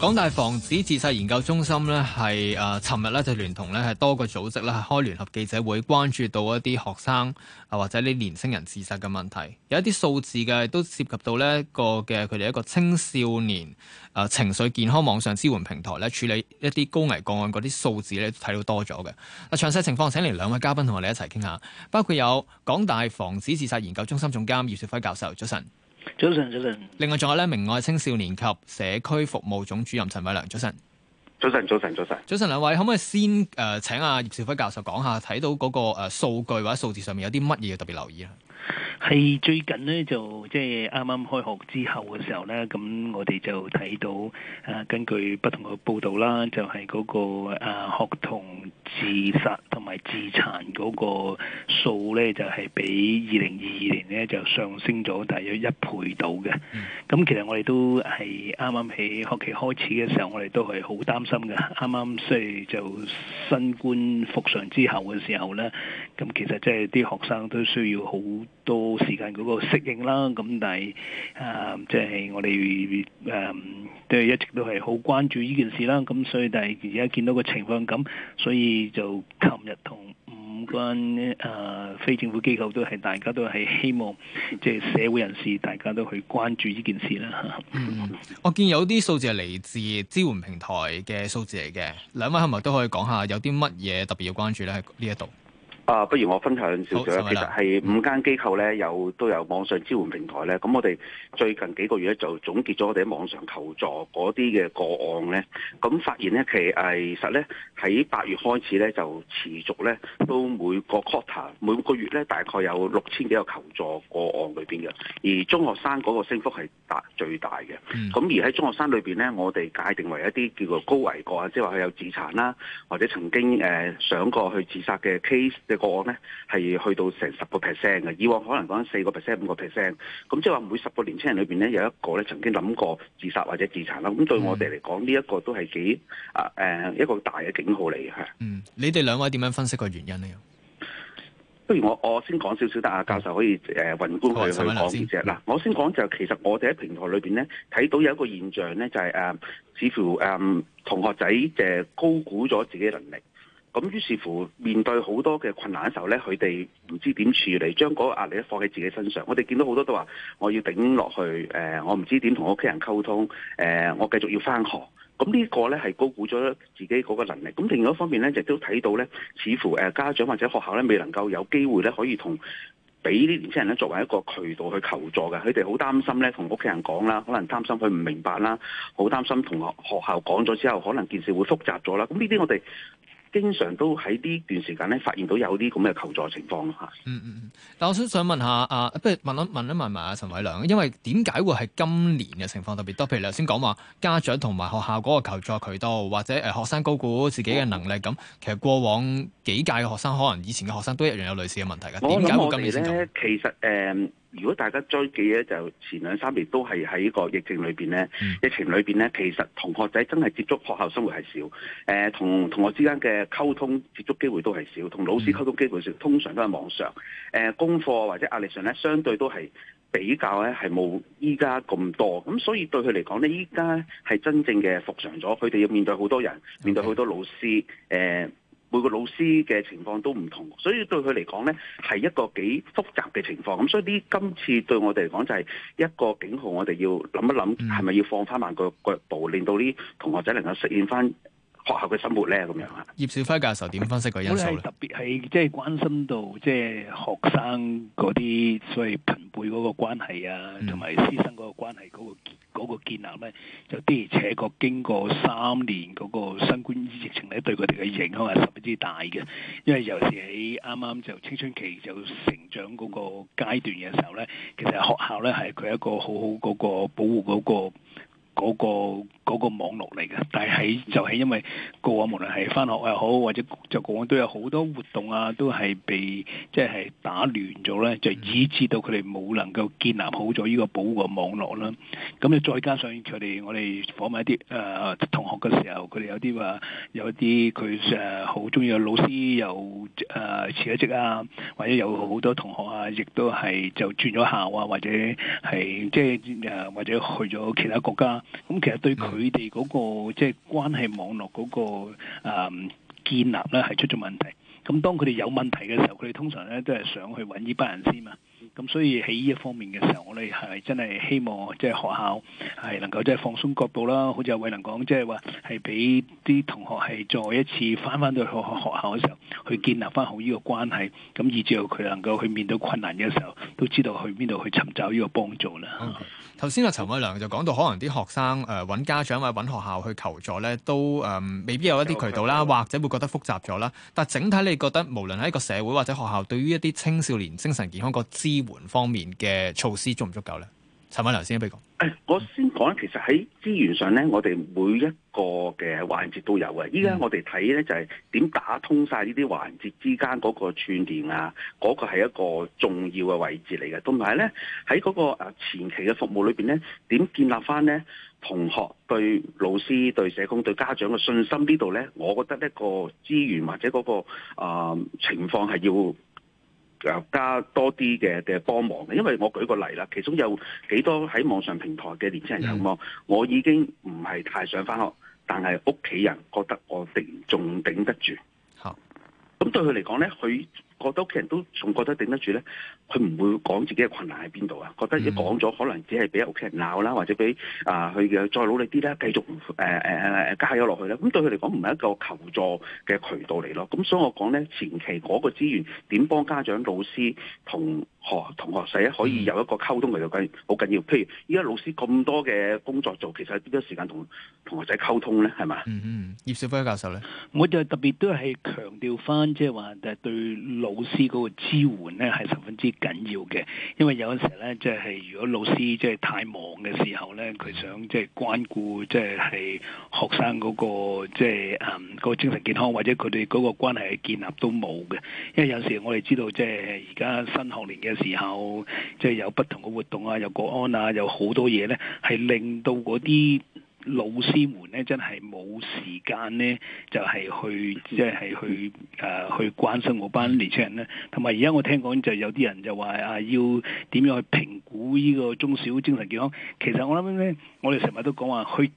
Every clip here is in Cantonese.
港大防止自殺研究中心呢，係誒，尋日呢，就聯同呢，係多個組織咧，開聯合記者會，關注到一啲學生啊，或者啲年輕人自殺嘅問題，有一啲數字嘅都涉及到呢一個嘅佢哋一個青少年誒情緒健康網上支援平台咧，處理一啲高危個案嗰啲數字咧，睇到多咗嘅。嗱，詳細情況請嚟兩位嘉賓同我哋一齊傾下，包括有港大防止自殺研究中心總監葉兆輝教授，早晨。早晨，早晨。另外仲有咧，明愛青少年及社區服務總主任陳偉良，早晨，早晨，早晨，早晨，早晨。早晨兩位，可唔可以先誒、呃，請阿葉兆輝教授講下、那個，睇到嗰個誒數據或者數字上面有啲乜嘢要特別留意啊？係最近呢，就即係啱啱開學之後嘅時候呢，咁我哋就睇到、啊、根據不同嘅報道啦，就係、是、嗰、那個啊學童自殺同埋自殘嗰個數呢，就係、是、比二零二二年呢就上升咗大約一倍到嘅。咁、mm. 其實我哋都係啱啱喺學期開始嘅時候，我哋都係好擔心㗎。啱啱雖然就新冠復常之後嘅時候呢，咁其實即係啲學生都需要好多，冇時間嗰個適應啦，咁但係啊，即係我哋誒，都一直都係好關注呢件事啦。咁所以，但係而家見到個情況咁，所以就琴日同五間誒非政府機構都係大家都係希望，即係社會人士大家都去關注呢件事啦。嗯，我見有啲數字係嚟自支援平台嘅數字嚟嘅，兩位係咪都可以講下有啲乜嘢特別要關注咧？喺呢一度。啊，不如我分享少少，其實係五間機構咧，嗯、有都有網上支援平台咧。咁、嗯、我哋最近幾個月咧，就總結咗我哋喺網上求助嗰啲嘅個案咧。咁發現咧，其實咧喺八月開始咧，就持續咧都每個 quarter 每個月咧，大概有六千幾個求助個案裏邊嘅。而中學生嗰個升幅係大最大嘅。咁、嗯、而喺中學生裏邊咧，我哋界定為一啲叫做高危個案，即係話佢有自殘啦，或者曾經誒、呃、想過去自殺嘅 case。個案咧係去到成十個 percent 嘅，以往可能講四個 percent 五個 percent，咁即係話每十個年青人裏邊咧有一個咧曾經諗過自殺或者自殘啦。咁對我哋嚟講，呢一、嗯、個都係幾啊誒、呃、一個大嘅警號嚟嘅。嗯，你哋兩位點樣分析個原因呢？不如我我先講少少，得係阿教授可以誒宏觀去、嗯、去講說先。嗱，我先講就是、其實我哋喺平台裏邊咧睇到有一個現象咧就係、是、誒、呃，似乎誒、呃、同學仔誒高估咗自己能力。咁於是乎面對好多嘅困難嘅時候咧，佢哋唔知點處理，將嗰個壓力放喺自己身上。我哋見到好多都話：我要頂落去。誒、呃，我唔知點同屋企人溝通。誒、呃，我繼續要翻學。咁、嗯這個、呢個咧係高估咗自己嗰個能力。咁、嗯、另外一方面咧，就都睇到咧，似乎誒家長或者學校咧，未能夠有機會咧，可以同俾啲年輕人咧作為一個渠道去求助嘅。佢哋好擔心咧，同屋企人講啦，可能擔心佢唔明白啦，好擔心同學校講咗之後，可能件事會複雜咗啦。咁呢啲我哋。經常都喺呢段時間咧，發現到有啲咁嘅求助情況咯。嚇嗯嗯嗯。但我想想問下啊，不如問一問，問一問埋阿、啊、陳偉良，因為點解會係今年嘅情況特別多？譬如你頭先講話家長同埋學校嗰個求助渠道，或者誒、呃、學生高估自己嘅能力咁，其實過往幾屆嘅學生，可能以前嘅學生都一樣有類似嘅問題嘅。點解會今年我認為咧，其實誒。呃如果大家追記咧，就前兩三年都係喺個疫情裏邊咧，嗯、疫情裏邊咧，其實同學仔真係接觸學校生活係少，誒、呃、同同學之間嘅溝通接觸機會都係少，同老師溝通機會少，通常都係網上，誒、呃、功課或者壓力上咧，相對都係比較咧係冇依家咁多，咁所以對佢嚟講咧，依家係真正嘅復常咗，佢哋要面對好多人，嗯、面對好多老師，誒、呃。每個老師嘅情況都唔同，所以對佢嚟講咧係一個幾複雜嘅情況。咁所以呢，今次對我哋嚟講就係一個警號，我哋要諗一諗，係咪要放翻慢個腳步，令到啲同學仔能夠適應翻。學校嘅生活咧咁樣啊，葉兆輝教授點分析個因素咧？特別係即係關心到即係學生嗰啲所謂朋輩嗰個關係啊，同埋師生嗰個關係嗰個建立咧，就的而且確經過三年嗰個新冠疫情咧，對佢哋嘅影響係十分之大嘅。因為尤其喺啱啱就青春期就成長嗰個階段嘅時候咧，其實學校咧係佢一個好好嗰個保護嗰個，嗰個嗰個網絡嚟嘅，但係就係因為過往無論係返學又好，或者就過往都有好多活動啊，都係被即係、就是、打亂咗咧，就以致到佢哋冇能夠建立好咗呢個保護嘅網絡啦。咁你再加上佢哋，我哋訪問一啲誒、呃、同學嘅時候，佢哋有啲話有啲佢誒好鍾意嘅老師又誒、呃、辭咗職啊，或者有好多同學啊，亦都係就轉咗校啊，或者係即係誒或者去咗其他國家。咁其實對佢哋嗰個即係、就是、關係網絡嗰、那個、呃、建立咧係出咗問題。咁當佢哋有問題嘅時候，佢哋通常咧都係想去搵呢班人先嘛。咁所以喺呢一方面嘅時候，我哋係真係希望即係、就是、學校係能夠即係、就是、放鬆角度啦。好似阿偉能講，即係話係俾。啲同學係再一次返返到學學校嘅時候，去建立返好呢個關係，咁以至到佢能夠去面對困難嘅時候，都知道去邊度去尋找呢個幫助啦。頭先阿陳偉良就講到可能啲學生誒揾、呃、家長或者揾學校去求助咧，都誒、呃、未必有一啲渠道啦，Okay. 或者會覺得複雜咗啦。但整體你覺得無論喺一個社會或者學校，對於一啲青少年精神健康個支援方面嘅措施足唔足夠呢？陳偉良先俾講。我先講咧，其實喺資源上咧，我哋每一個嘅環節都有嘅。依家我哋睇咧就係、是、點打通晒呢啲環節之間嗰個串聯啊，嗰、那個係一個重要嘅位置嚟嘅。同埋咧喺嗰個前期嘅服務裏邊咧，點建立翻咧同學對老師、對社工、對家長嘅信心呢度咧？我覺得呢、那個資源或者嗰、那個、呃、情況係要。加多啲嘅嘅幫忙嘅，因為我舉個例啦，其中有幾多喺網上平台嘅年輕人咁講，我已經唔係太想返學，但係屋企人覺得我哋仲頂得住。好，咁對佢嚟講咧，佢。覺得屋企人都仲覺得頂得住咧，佢唔會講自己嘅困難喺邊度啊？覺得如果講咗，可能只係俾屋企人鬧啦，或者俾啊佢嘅再努力啲咧，繼續誒誒誒加油落去啦。咁、嗯、對佢嚟講，唔係一個求助嘅渠道嚟咯。咁、嗯、所以我講咧，前期嗰個資源點幫家長、老師、同學、同學仔可以有一個溝通嘅就緊好緊要。譬如依家老師咁多嘅工作做，其實邊多時間同同學仔溝通咧？係嘛、嗯？嗯嗯，葉兆輝教授咧，我就特別都係強調翻，即係話對老老師嗰個支援呢係十分之緊要嘅，因為有陣時呢，即係如果老師即係太忙嘅時候呢，佢想即係關顧即係係學生嗰個即係個精神健康，或者佢哋嗰個關係嘅建立都冇嘅，因為有時我哋知道即係而家新學年嘅時候，即係有不同嘅活動啊，有國安啊，有好多嘢呢，係令到嗰啲。老師們咧，真係冇時間咧，就係去即係去誒去關心我班年青人咧。同埋而家我聽講就有啲人就話啊，要點樣去評估呢個中小精神健康？其實我諗咧，我哋成日都講話去，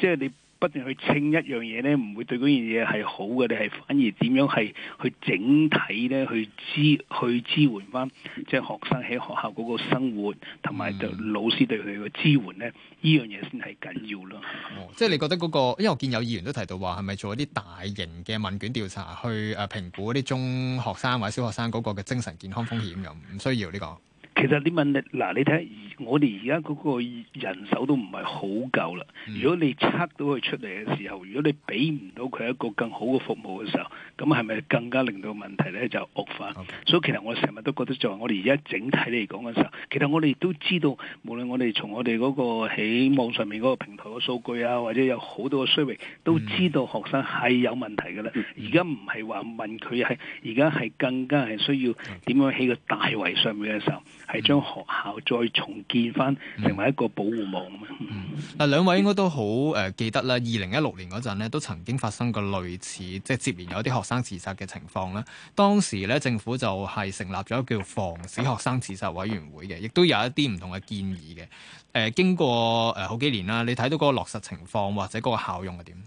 即係你。不斷去清一樣嘢咧，唔會對嗰樣嘢係好嘅，你係反而點樣係去整體咧去支去支援翻即係學生喺學校嗰個生活，同埋對老師對佢嘅支援咧，呢樣嘢先係緊要咯、嗯哦。即係你覺得嗰個，因為我見有議員都提到話，係咪做一啲大型嘅問卷調查去誒評估啲中學生或者小學生嗰個嘅精神健康風險，噉唔需要呢個？其實你問你嗱，你睇我哋而家嗰個人手都唔係好夠啦。如果你測到佢出嚟嘅時候，如果你俾唔到佢一個更好嘅服務嘅時候，咁係咪更加令到問題咧就惡化？所以 Okay.、so、其實我成日都覺得，就係我哋而家整體嚟講嘅時候，其實我哋都知道，無論我哋從我哋嗰個喺網上面嗰個平台嘅數據啊，或者有好多嘅衰域，都知道學生係有問題嘅啦。而家唔係話問佢係，而家係更加係需要點樣起個大圍上面嘅時候。係將學校再重建翻，成為一個保護網啊、嗯！嗱、嗯，兩、嗯、位應該都好誒、呃、記得啦。二零一六年嗰陣呢，都曾經發生過類似即係接連有啲學生自殺嘅情況啦。當時咧，政府就係成立咗一個叫防止學生自殺委員會嘅，亦都有一啲唔同嘅建議嘅。誒、呃，經過誒、呃、好幾年啦，你睇到嗰個落實情況或者嗰個效用係點？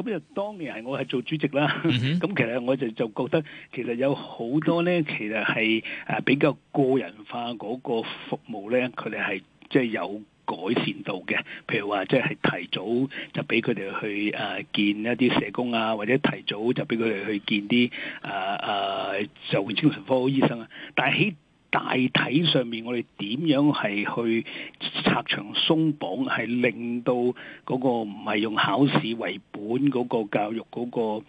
咁就當年係我係做主席啦，咁其實我就就覺得其實有好多咧，其實係誒比較個人化嗰個服務咧，佢哋係即係有改善到嘅。譬如話，即係提早就俾佢哋去誒見一啲社工啊，或者提早就俾佢哋去見啲誒誒就精神科醫生啊。但係喺大體上面，我哋點樣係去拆牆鬆綁，係令到嗰個唔係用考試為本嗰個教育嗰個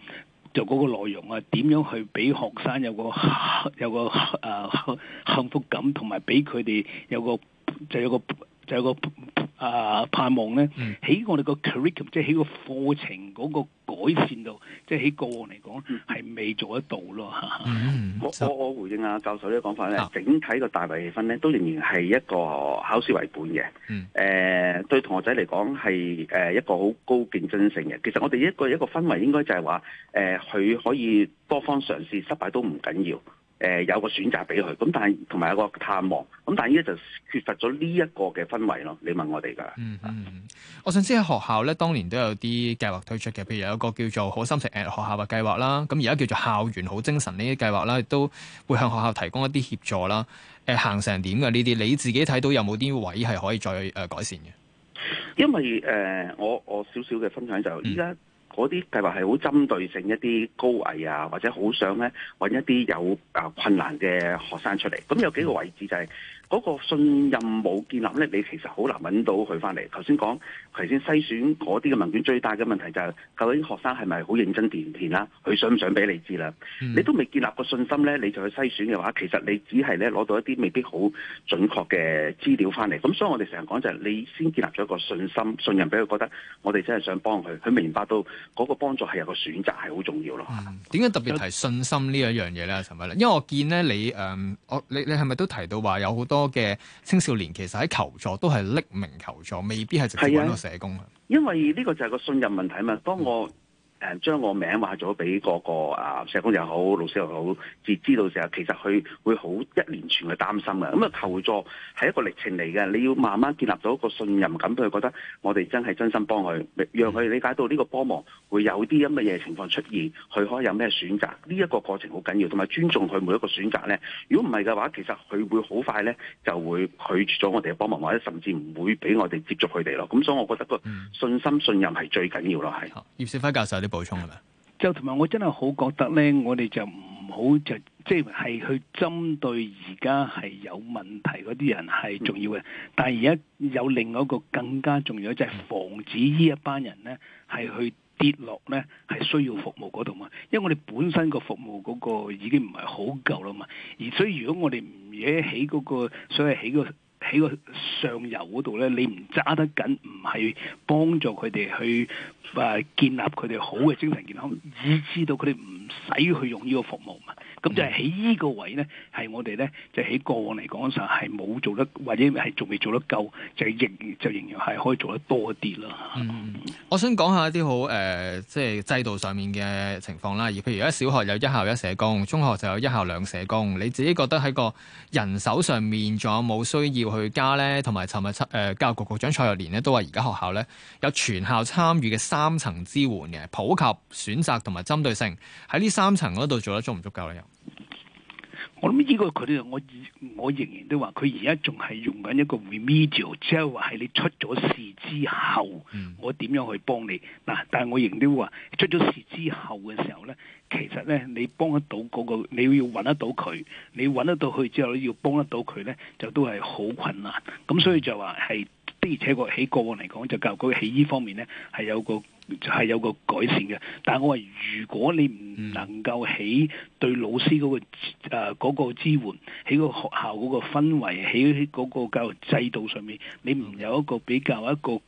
做嗰個內容啊？點樣去俾學生有個有個啊幸福感，同埋俾佢哋有個就有個就有個。啊！盼望咧，喺、嗯、我哋個 curriculum，即係喺個課程嗰個改善度，嗯、即係喺個案嚟講，係未做得到咯。我我我回應阿教授呢個講法咧，啊、整體個大圍氣氛咧，都仍然係一個考試為本嘅。誒、嗯呃，對同學仔嚟講係誒一個好高競爭性嘅。其實我哋一個一個氛圍應該就係話誒，佢、呃、可以多方嘗試，失敗都唔緊要。誒、呃、有個選擇俾佢，咁但係同埋有個探望，咁但係依家就缺乏咗呢一個嘅氛圍咯。你問我哋噶、嗯，嗯我想知喺學校咧，當年都有啲計劃推出嘅，譬如有一個叫做好心情學校嘅計劃啦，咁而家叫做校園好精神呢啲計劃啦，都會向學校提供一啲協助啦。誒、呃、行成點嘅呢啲，你自己睇到有冇啲位係可以再誒改善嘅？因為誒、呃，我我少少嘅分享就依家、嗯。嗰啲計劃係好針對性，一啲高危啊，或者好想咧揾一啲有啊困難嘅學生出嚟。咁有幾個位置就係嗰個信任冇建立咧，你其實好難揾到佢翻嚟。頭先講，頭先篩選嗰啲嘅問卷最大嘅問題就係究竟學生係咪好認真填填啦？佢想唔想俾你知啦？嗯、你都未建立個信心咧，你就去篩選嘅話，其實你只係咧攞到一啲未必好準確嘅資料翻嚟。咁所以我哋成日講就係你先建立咗一個信心、信任俾佢，覺得我哋真係想幫佢，佢明白到。嗰個幫助係有個選擇係好重要咯。點解、嗯、特別提信心一呢一樣嘢咧？陳偉良，因為我見咧你誒，我、呃、你你係咪都提到話有好多嘅青少年其實喺求助都係匿名求助，未必係直接揾個社工啊。因為呢個就係個信任問題嘛。當我、嗯誒將我名話咗俾嗰個啊社工又好老師又好，至知道時候，其實佢會好一連串嘅擔心嘅。咁啊求助係一個歷程嚟嘅，你要慢慢建立到一個信任感，俾佢覺得我哋真係真心幫佢，讓佢理解到呢個幫忙會有啲咁嘅嘢情況出現，佢可以有咩選擇。呢、這、一個過程好緊要，同埋尊重佢每一個選擇咧。如果唔係嘅話，其實佢會好快咧就會拒絕咗我哋嘅幫忙，或者甚至唔會俾我哋接觸佢哋咯。咁所以，我覺得個信心、嗯、信任係最緊要咯，係。葉兆輝教授，補充係咪？是是，就同埋我真係好覺得咧，我哋就唔好就即係、就是、去針對而家係有問題嗰啲人係重要嘅，嗯、但係而家有另外一個更加重要，就係、是、防止呢一班人咧係去跌落咧係需要服務嗰度嘛。因為我哋本身個服務嗰個已經唔係好夠啦嘛，而所以如果我哋唔惹起嗰個所謂起個。喺個上游嗰度咧，你唔揸得緊，唔係幫助佢哋去誒、啊、建立佢哋好嘅精神健康，以至到佢哋唔使去用呢個服務。咁就係喺呢個位呢，係我哋呢，就喺過往嚟講嘅時候係冇做得，或者係仲未做得夠，就仍就仍然係可以做得多啲咯。嗯，我想講下一啲好誒，即係制度上面嘅情況啦。而譬如而家小學有一校一社工，中學就有一校兩社工。你自己覺得喺個人手上面仲有冇需要去加呢？同埋尋日誒教育局局長蔡若蓮呢，都話，而家學校呢，有全校參與嘅三層支援嘅普及、選擇同埋針對性。喺呢三層嗰度做得足唔足夠呢？我諗呢個佢，我我仍然都話，佢而家仲係用緊一個 remedial 即係話係你出咗事之後，我點樣去幫你嗱？但係我仍然都話，出咗事之後嘅時候咧，其實咧你幫得到嗰個，你要揾得到佢，你揾得到佢之後，要幫得到佢咧，就都係好困難。咁所以就話係的而且確喺過往嚟講，就教育局喺呢方面咧係有個。就係有個改善嘅，但我話如果你唔能夠喺對老師嗰、嗰個誒、嗯呃嗰個、支援，喺個學校嗰個氛圍，喺嗰個教育制度上面，你唔有一個比較一個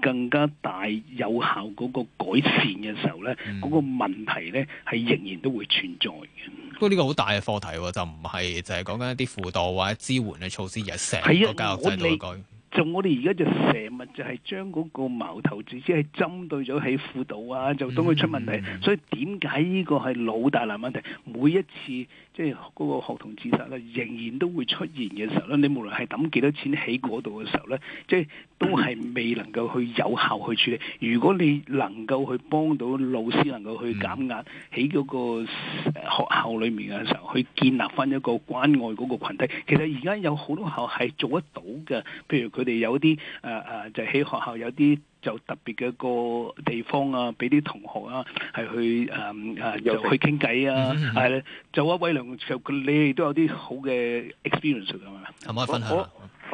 更加大有效嗰個改善嘅時候呢，嗰、嗯、個問題咧係仍然都會存在嘅。不過呢個好大嘅課題喎，就唔係就係講緊一啲輔導或者支援嘅措施，而係成個教育制度嘅改善。就我哋而家就成日就係將嗰個矛頭直接係針對咗喺輔導啊，就當佢出問題，嗯嗯、所以點解呢個係老大難問題，每一次即係嗰個學童自殺咧，仍然都會出現嘅時候咧，你無論係抌幾多錢喺嗰度嘅時候咧，即係都係未能夠去有效去處理。如果你能夠去幫到老師能夠去減壓喺嗰個學校裏面嘅時候，去建立翻一個關愛嗰個羣體，其實而家有好多學校係做得到嘅，譬如佢哋有啲誒誒，就喺學校有啲就特別嘅一個地方啊，俾啲同學啊，係去誒誒、呃，就去傾偈啊，係咧， 就阿偉良，就你哋都有啲好嘅 experience 㗎、啊、嘛，我可唔可以分享下？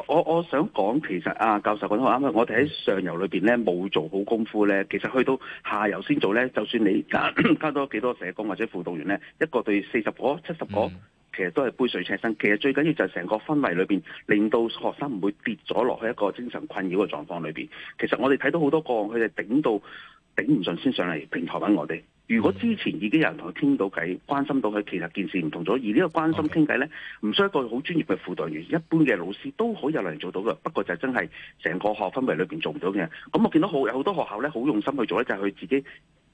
我我，我想講，其實啊，教授講得啱啊，我哋喺上游裏邊咧冇做好功夫咧，其實去到下游先做咧，就算你加， 加多幾多社工或者輔導員咧，一個對四十個、七十個。 其實都係杯水車薪，其實最緊要就係成個氛圍裏邊，令到學生唔會跌咗落去一個精神困擾嘅狀況裏邊。其實我哋睇到好多個案，佢哋頂到頂唔順先上嚟平台揾我哋。如果之前已經有人同佢傾到偈、關心到佢，其實件事唔同咗。而呢個關心傾偈呢，唔需要一個好專業嘅輔導員，一般嘅老師都可以有能力做到嘅。不過就真係成個學氛圍裏邊做唔到嘅。咁、嗯、我見到好有好多學校呢，好用心去做呢，就係、是、佢自己。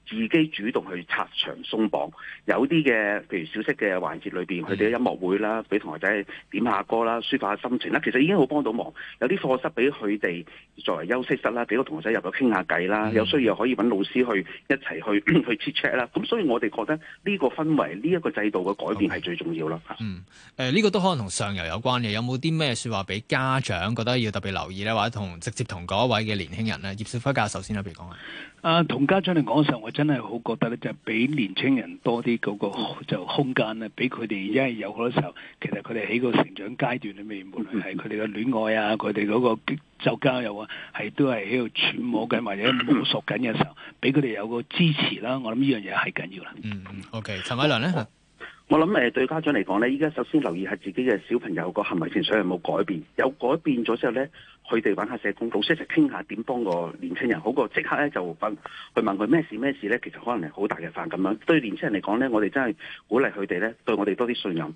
自己主動去拆牆鬆綁，有啲嘅，譬如小息嘅環節裏邊，佢哋嘅音樂會啦，俾同學仔點下歌啦，抒發下心情啦，其實已經好幫到忙。有啲課室俾佢哋作為休息室啦，俾個同學仔入去傾下偈啦，嗯、有需要可以揾老師去一齊去 去 chat chat 啦。咁所以我哋覺得呢個氛圍、呢、這、一個制度嘅改變係最重要啦、嗯。嗯，誒、呃、呢、這個都可能同上游有關嘅，有冇啲咩説話俾家長覺得要特別留意咧？或者同直接同嗰一位嘅年輕人咧，葉兆輝教授先啦，譬如講啊。啊，同家長嚟講上，真係好覺得咧，就比年青人多啲嗰個就空間咧，比佢哋因為有好多時候，其實佢哋喺個成長階段裏面，無論係佢哋嘅戀愛啊，佢哋嗰個就交友啊，係都係喺度揣摩緊或者摸索緊嘅時候，俾佢哋有個支持啦。我諗呢樣嘢係緊要啦。嗯，OK，陳偉良咧？我諗誒，對家長嚟講咧，依家首先留意下自己嘅小朋友個行為情緒有冇改變，有改變咗之後咧，佢哋揾下社工、老師一齊傾下點幫個年青人，好過即刻咧就去問佢咩事咩事咧，其實可能係好大嘅犯咁樣。對年青人嚟講咧，我哋真係鼓勵佢哋咧，對我哋多啲信任，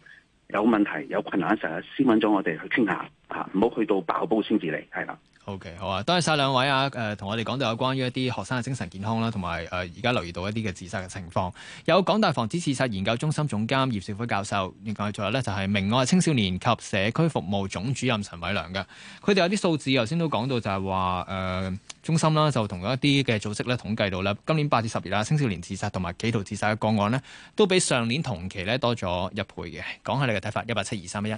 有問題有困難嘅時候，先揾咗我哋去傾下，吓，唔好去到爆煲先至嚟，係啦。O.K. 好啊，多謝晒兩位啊！誒、呃，同我哋講到有關於一啲學生嘅精神健康啦，同埋誒而家留意到一啲嘅自殺嘅情況。有港大防止自殺研究中心總監葉兆輝教授，另外在座呢，就係、是、明愛青少年及社區服務總主任陳偉良嘅。佢哋有啲數字，頭先都講到就係話誒中心啦，就同一啲嘅組織咧統計到啦。今年八至十月啊，青少年自殺同埋企圖自殺嘅個案呢，都比上年同期呢多咗一倍嘅。講下你嘅睇法，一八七二三一一。